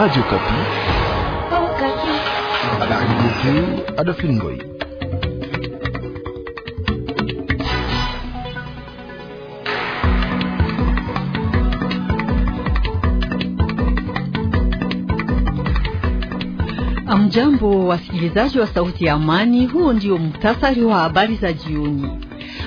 Radio Kapi. Oh, Kapi. Amjambo wasikilizaji wa sauti ya amani, huo ndio muhtasari wa habari za jioni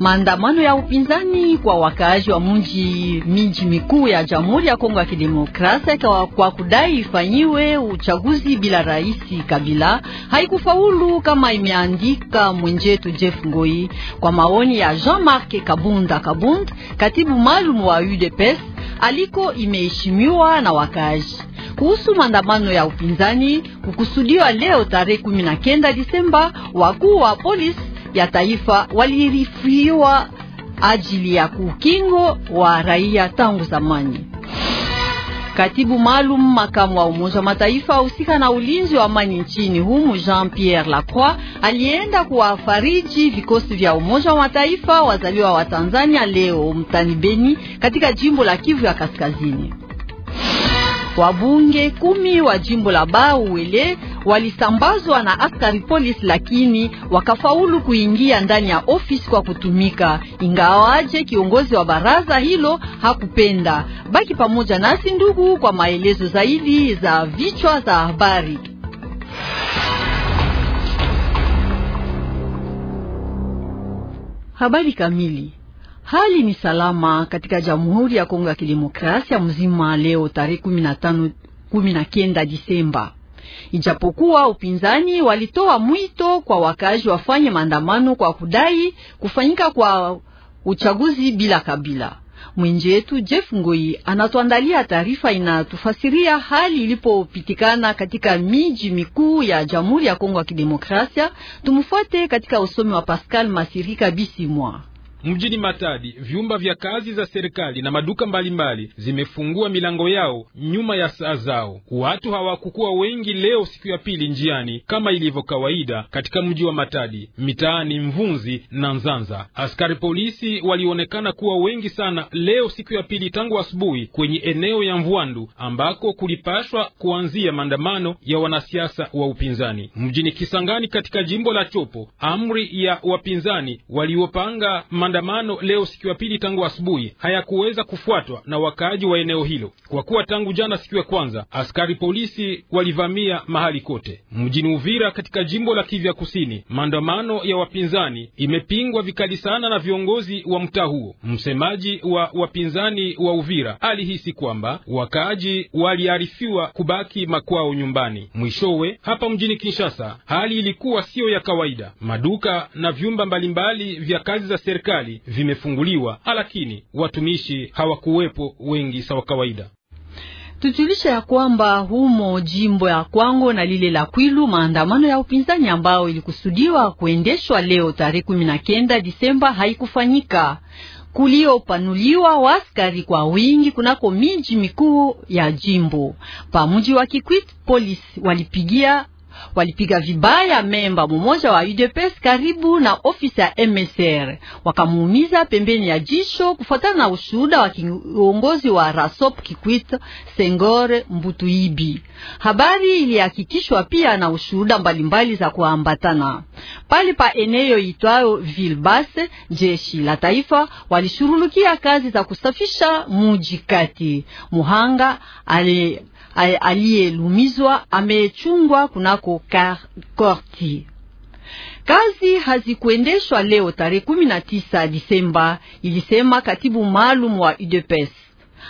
maandamano ya upinzani kwa wakaaji wa mji miji mikuu ya Jamhuri ya Kongo ya Kidemokrasia kwa, kwa kudai ifanyiwe uchaguzi bila rais Kabila haikufaulu kama imeandika mwenjetu Jeff Ngoi kwa maoni ya Jean-Marc Kabunda Kabund, katibu maalum wa UDPS aliko imeheshimiwa na wakaaji kuhusu maandamano ya upinzani kukusudiwa leo tarehe 19 Disemba, wakuu wa polisi ya taifa walirifiwa ajili ya kukingo wa raia tangu zamani. Katibu maalum makamu wa Umoja wa Mataifa husika na ulinzi wa amani nchini humu Jean-Pierre Lacroix alienda kuwafariji vikosi vya Umoja wa Mataifa wazaliwa wa Tanzania leo mtani Beni katika jimbo la Kivu ya Kaskazini. Wabunge kumi wa jimbo la Bauele walisambazwa na askari polisi, lakini wakafaulu kuingia ndani ya ofisi kwa kutumika, ingawaje kiongozi wa baraza hilo hakupenda. Baki pamoja nasi ndugu, kwa maelezo zaidi za vichwa za habari. Habari kamili. Hali ni salama katika Jamhuri ya Kongo ya Kidemokrasia mzima leo tarehe 15 19 Disemba. Ijapokuwa upinzani walitoa mwito kwa wakazi wafanye maandamano kwa kudai kufanyika kwa uchaguzi bila kabila. wetu Jeff Ngoi anatuandalia taarifa inatufasiria hali ilipopitikana katika miji mikuu ya Jamhuri ya Kongo ya Kidemokrasia. Tumfuate katika usomi wa Pascal Masirika Bisimwa. Mjini Matadi, vyumba vya kazi za serikali na maduka mbalimbali zimefungua milango yao nyuma ya saa zao. Watu hawakukuwa wengi leo, siku ya pili njiani kama ilivyo kawaida katika mji wa Matadi, mitaani Mvunzi na Nzanza. Askari polisi walionekana kuwa wengi sana leo, siku ya pili, tangu asubuhi kwenye eneo ya Mvwandu ambako kulipashwa kuanzia maandamano ya wanasiasa wa upinzani. Mjini Kisangani katika jimbo la Chopo, amri ya wapinzani waliopanga maandamano leo siku ya pili tangu asubuhi hayakuweza kufuatwa na wakaaji wa eneo hilo, kwa kuwa tangu jana siku ya kwanza askari polisi walivamia mahali kote mjini Uvira katika jimbo la Kivya Kusini. Maandamano ya wapinzani imepingwa vikali sana na viongozi wa mtaa huo. Msemaji wa wapinzani wa Uvira alihisi kwamba wakaaji waliarifiwa kubaki makwao nyumbani. Mwishowe hapa mjini Kinshasa hali ilikuwa siyo ya kawaida. Maduka na vyumba mbalimbali vya kazi za serikali mbalimbali vimefunguliwa, lakini watumishi hawakuwepo wengi sawa kawaida. Tujulisha ya kwamba humo jimbo ya Kwango na lile la Kwilu, maandamano ya upinzani ambao ilikusudiwa kuendeshwa leo tarehe kumi na kenda Disemba haikufanyika kuliopanuliwa waskari kwa wingi kunako miji mikuu ya jimbo. Pa wa Kikwit, polisi walipigia walipiga vibaya memba mmoja wa UDPS karibu na ofisi ya MSR, wakamuumiza pembeni ya jicho, kufuatana na ushuhuda wa kiongozi wa Rasop Kikwit Sengore Mbutuibi. Habari ilihakikishwa pia na ushuhuda mbalimbali za kuambatana pale pa eneo itwayo Vilbase. Jeshi la taifa walishurulukia kazi za kusafisha muji kati. Muhanga aliyelumizwa amechungwa kunako kunako kar korti. Kazi hazikuendeshwa leo tarehe kumi na tisa Disemba, ilisema katibu maalum wa UDPS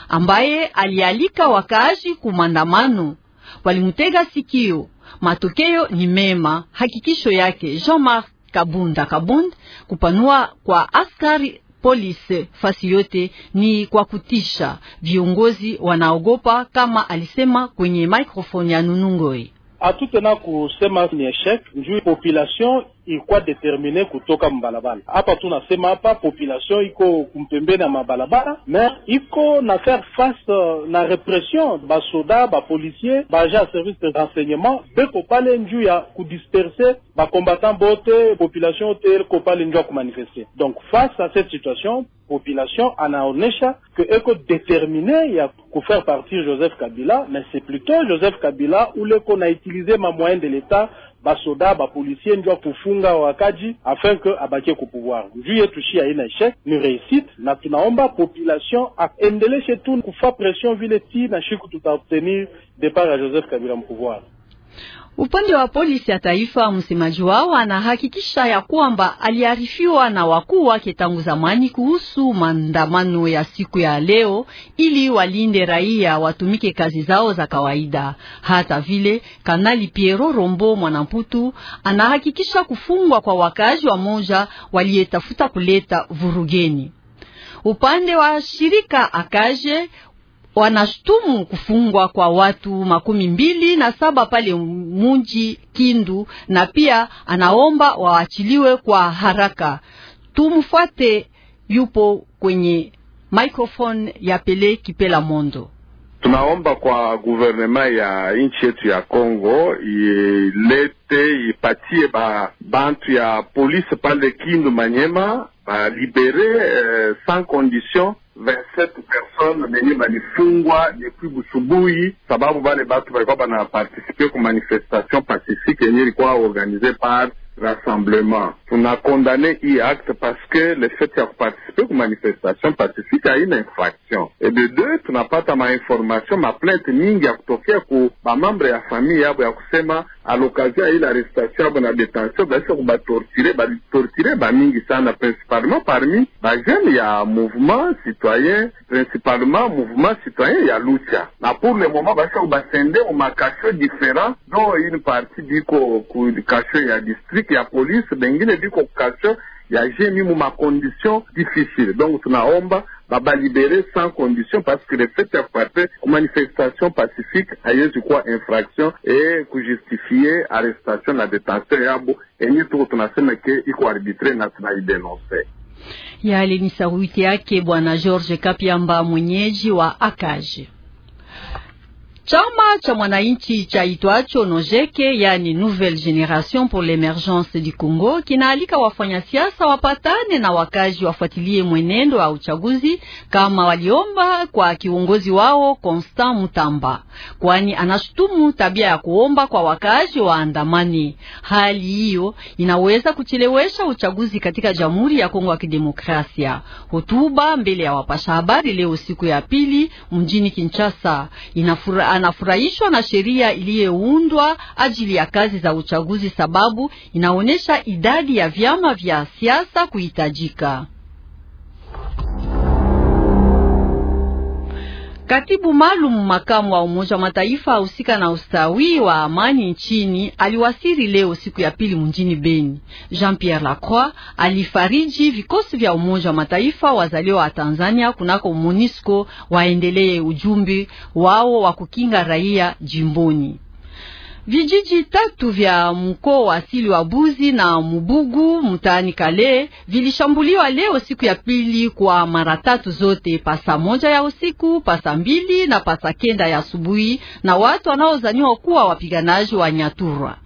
ambaye alialika wakaaji kumandamano. Walimtega sikio. Matokeo ni mema, hakikisho yake Jean-Marc Kabunda Kabund. Kupanua kwa askari polisi fasi yote ni kwa kutisha, viongozi wanaogopa, kama alisema kwenye mikrofoni ya Nunungoi. atutena kusema ni échec. juu population ilikuwa determine kutoka mbalabala hapa. Tunasema hapa population iko kumpembeni ya mabalabala me iko na faire face euh, na repression basoda bapolisier baje ya service de renseignement beko pale njuu ya kudisperse combattants, bote population yote elikopale njuu ya kumanifeste. Donc face à cette situation population anaonesha eko determine ya faire partir Joseph Kabila, mais c'est plutôt Joseph Kabila qui qu'on a utilisé ma moyens de l'État basoda bapolisie ndio kufunga wakaji afin que abakie pouvoir. juu yetu shi haina eshec ni réussi. na population aendeleshe tu kufa pression vile ti na shiku tutaobtenir départ à Joseph Kabila pouvoir. Upande wa polisi ya taifa, msemaji wao anahakikisha ya kwamba aliarifiwa na wakuu wake tangu zamani kuhusu maandamano ya siku ya leo, ili walinde raia watumike kazi zao za kawaida. Hata vile Kanali Piero Rombo Mwanamputu anahakikisha kufungwa kwa wakazi wa moja waliyetafuta kuleta vurugeni. Upande wa shirika Akaje wanashtumu kufungwa kwa watu makumi mbili na saba pale munji Kindu, na pia anaomba waachiliwe kwa haraka. Tumfuate, yupo kwenye microphone ya Pele Kipela Mondo. Tunaomba kwa guvernema ya nchi yetu ya congo ilete ipatie ba bantu ya polisi pale Kindu Manyema balibere eh, sans condition 27 personnes venye balifungwa depuis busubuhi sababu bale batu balikuwa banapartisipe ku manifestation pacifique yenye ilikuwa organize par rassemblement. On a condamné IACT parce que le fait d'avoir participé aux manifestations pacifiques à une infraction. Et de deux, pas tunapata mainformation maplainte mingi que les ku de la famille yabo ya kusema alokazia ile on va torturer. detention basi torturer balitortire bamingi sana principalement parmi bah, a ya mouvement citoyen principalement mouvement citoyen a Lucha na bah, pour le moment basi kubasende On makasho différent dont une partie du ku cache ya district Trafiki ya police bengine biko kukasho ya difficile. Donc difisil. Donk tunaomba libéré sans condition parce que le fete ya Manifestation pacifique, pasifike ayezi kuwa infraction arrestation, Et kujustifie arrestasyon na detansion yabo enye tuko tunasema ke iko arbitrer na tunaidenonse. Yale ni sauti yake Bwana George Kapiamba, mwenyeji wa Akaji. Chama cha mwananchi cha itwacho Nojeke, yani Nouvelle Generation pour l'Emergence du Congo, kinaalika wafanyasiasa wapatane na wakazi wafuatilie mwenendo wa uchaguzi kama waliomba kwa kiongozi wao Constant Mutamba, kwani anashutumu tabia ya kuomba kwa wakazi waandamani. Hali hiyo inaweza kuchelewesha uchaguzi katika Jamhuri ya Kongo ya Kidemokrasia. Hotuba mbele ya wapasha habari leo siku ya pili mjini Kinshasa inafura anafurahishwa na sheria iliyoundwa ajili ya kazi za uchaguzi, sababu inaonyesha idadi ya vyama vya siasa kuhitajika. Katibu maalum makamu wa Umoja wa Mataifa husika na ustawi wa amani nchini aliwasiri leo siku ya pili mjini Beni. Jean-Pierre Lacroix alifariji vikosi vya Umoja wa Mataifa wazaliwa wa Tanzania kunako MONUSCO waendelee ujumbe wao wa kukinga raia jimboni. Vijiji tatu vya mkoa asili wa Buzi na Mubugu mtaani Kale vilishambuliwa leo siku ya pili kwa mara tatu zote, pasa moja ya usiku, pasa mbili na pasa kenda ya asubuhi, na watu wanaozaniwa kuwa wapiganaji wa Nyatura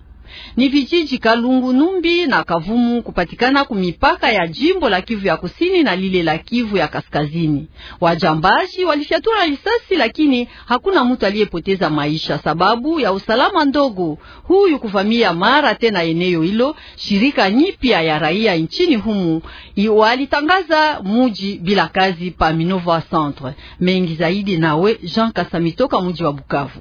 ni vijiji Kalungu, Numbi na Kavumu kupatikana kumipaka ya jimbo la Kivu ya kusini na lile la Kivu ya kaskazini. Wajambazi walifyatura risasi, lakini hakuna mtu aliyepoteza maisha sababu ya usalama ndogo huyu kuvamia mara tena eneo hilo. Shirika nyipya ya raia nchini humu walitangaza muji bila kazi pa Minova Centre. Mengi zaidi nawe Jean Kasamitoka, muji wa Bukavu.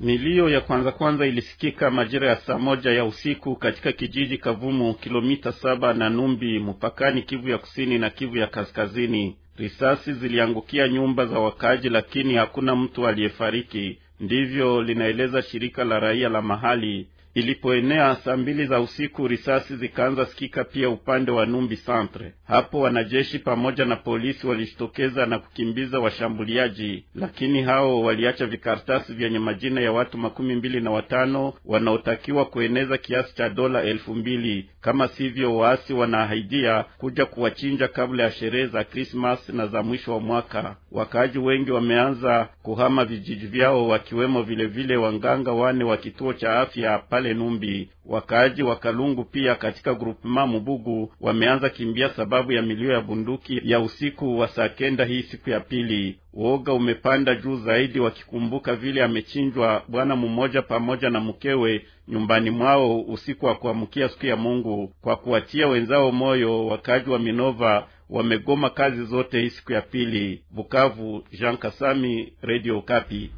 Milio ya kwanza kwanza ilisikika majira ya saa moja ya usiku katika kijiji Kavumu, kilomita saba na Numbi, mpakani Kivu ya kusini na Kivu ya kaskazini. Risasi ziliangukia nyumba za wakaaji, lakini hakuna mtu aliyefariki. Ndivyo linaeleza shirika la raia la mahali. Ilipoenea saa mbili za usiku, risasi zikaanza sikika pia upande wa Numbi Centre. Hapo wanajeshi pamoja na polisi walijitokeza na kukimbiza washambuliaji, lakini hao waliacha vikaratasi vyenye majina ya watu makumi mbili na watano wanaotakiwa kueneza kiasi cha dola elfu mbili. Kama sivyo, waasi wanaahidia kuja kuwachinja kabla ya sherehe za Krismas na za mwisho wa mwaka. Wakaaji wengi wameanza kuhama vijiji vyao, wakiwemo vilevile vile wanganga wane wa kituo cha afya pale pale Numbi. Wakaaji wa Kalungu pia katika grupema Mubugu wameanza kimbia sababu ya milio ya bunduki ya usiku wa saa kenda hii siku ya pili. Woga umepanda juu zaidi wakikumbuka vile amechinjwa bwana mmoja pamoja na mkewe nyumbani mwao usiku wa kuamkia siku ya Mungu. Kwa kuwatia wenzao moyo, wakaaji wa Minova wamegoma kazi zote hii siku ya pili. Bukavu, Jean Kasami, Radio Kapi.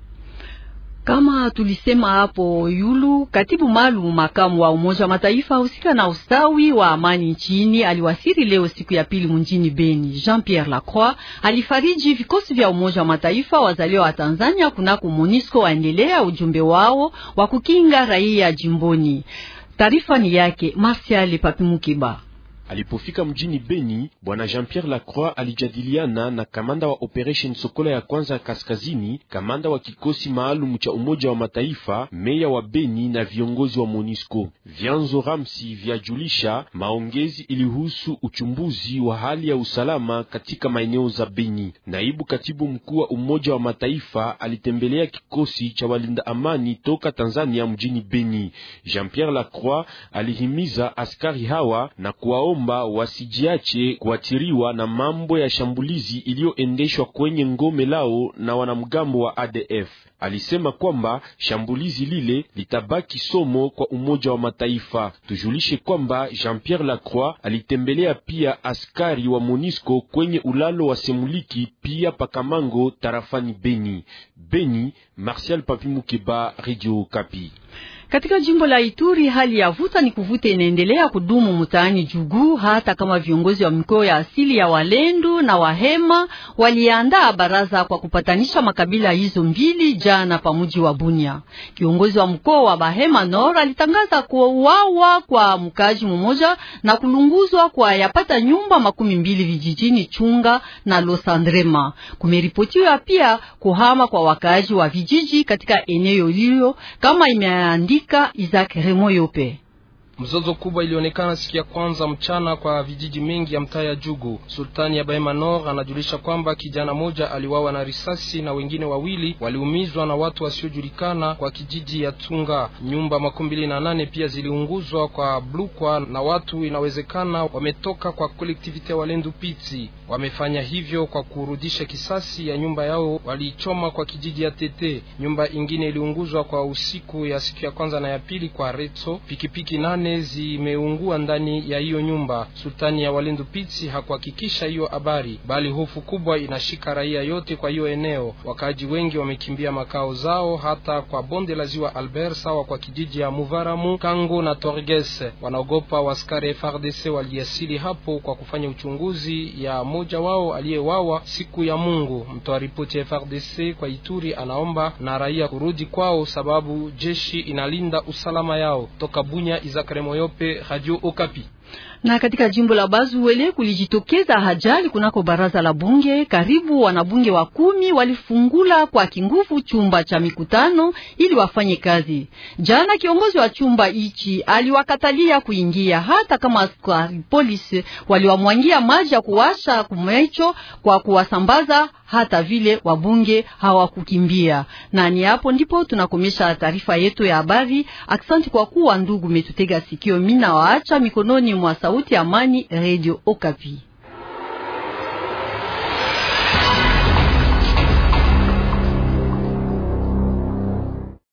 Kama tulisema hapo yulu, katibu maalum makamu wa Umoja wa Mataifa husika na ustawi wa amani nchini aliwasiri leo siku ya pili mjini Beni. Jean-Pierre Lacroix alifariji vikosi vya Umoja wa Mataifa wazaliwa wa Tanzania kunako MONUSCO waendelea ujumbe wao wa kukinga raia jimboni. Taarifa ni yake Martial Papimukiba. Alipofika mjini Beni, bwana Jean-Pierre Lacroix alijadiliana na kamanda wa operation Sokola ya kwanza ya kaskazini, kamanda wa kikosi maalum cha Umoja wa Mataifa, meya wa Beni na viongozi wa MONUSCO. Vyanzo ramsi vyajulisha maongezi ilihusu uchumbuzi wa hali ya usalama katika maeneo za Beni. Naibu katibu mkuu wa Umoja wa Mataifa alitembelea kikosi cha walinda amani toka Tanzania mjini Beni. Jean-Pierre Lacroix alihimiza askari hawa na kuwaomba kuwaomba wasijiache kuathiriwa na mambo ya shambulizi iliyoendeshwa kwenye ngome lao na wanamgambo wa ADF. Alisema kwamba shambulizi lile litabaki somo kwa Umoja wa Mataifa. Tujulishe kwamba Jean-Pierre Lacroix alitembelea pia askari wa MONUSCO kwenye ulalo wa Semuliki pia Pakamango tarafani Beni. Beni, Martial Papimukeba, Radio Kapi. Katika jimbo la Ituri hali ya vuta ni kuvuta inaendelea kudumu mtaani Jugu, hata kama viongozi wa mikoa ya asili ya Walendu na Wahema waliandaa baraza kwa kupatanisha makabila hizo mbili jana pamuji wa Bunia. Kiongozi wa mkoa wa Bahema nor alitangaza kuuawa kwa mkaji mmoja na kulunguzwa kwa yapata nyumba makumi mbili vijijini Chunga na Losandrema. Kumeripotiwa pia kuhama kwa wakaaji wa vijiji katika eneo hilo kama imeandika Malika Isaac Remoyope. Mzozo kubwa ilionekana siku ya kwanza mchana kwa vijiji mengi ya mtaa ya Jugu. Sultani ya Baimanor anajulisha kwamba kijana moja aliwawa na risasi na wengine wawili waliumizwa na watu wasiojulikana kwa kijiji ya Tunga. Nyumba makumi mbili na nane pia ziliunguzwa kwa Blukwa na watu inawezekana wametoka kwa kolektivite ya Walendu Pitsi. Wamefanya hivyo kwa kurudisha kisasi ya nyumba yao waliichoma kwa kijiji ya Tete. Nyumba ingine iliunguzwa kwa usiku ya siku ya kwanza na ya pili kwa reto Pikipiki nane zingine zimeungua ndani ya hiyo nyumba. Sultani ya Walendu Pitsi hakuhakikisha hiyo habari, bali hofu kubwa inashika raia yote kwa hiyo eneo. Wakaaji wengi wamekimbia makao zao, hata kwa bonde la ziwa Albert, sawa kwa kijiji ya Muvaramu, Kango na Torges. Wanaogopa waskari FARDC waliasili hapo kwa kufanya uchunguzi ya moja wao aliyewawa siku ya Mungu. Mtoa ripoti ya FARDC kwa Ituri anaomba na raia kurudi kwao, sababu jeshi inalinda usalama yao. Toka Bunya, Izakare Malenga Moyope, Radio Okapi. Na katika jimbo la Bazuwele kulijitokeza ajali kunako baraza la bunge. Karibu wanabunge wa kumi walifungula kwa kinguvu chumba cha mikutano ili wafanye kazi. Jana kiongozi wa chumba hichi aliwakatalia kuingia, hata kama askari polisi waliwamwangia maji ya kuwasha kumecho kwa kuwasambaza, hata vile wabunge hawakukimbia. Na ni hapo ndipo tunakomesha taarifa yetu ya habari. Aksanti kwa kuwa ndugu metutega sikio, mina waacha mikononi mwa Sauti ya Amani, Radio Okapi.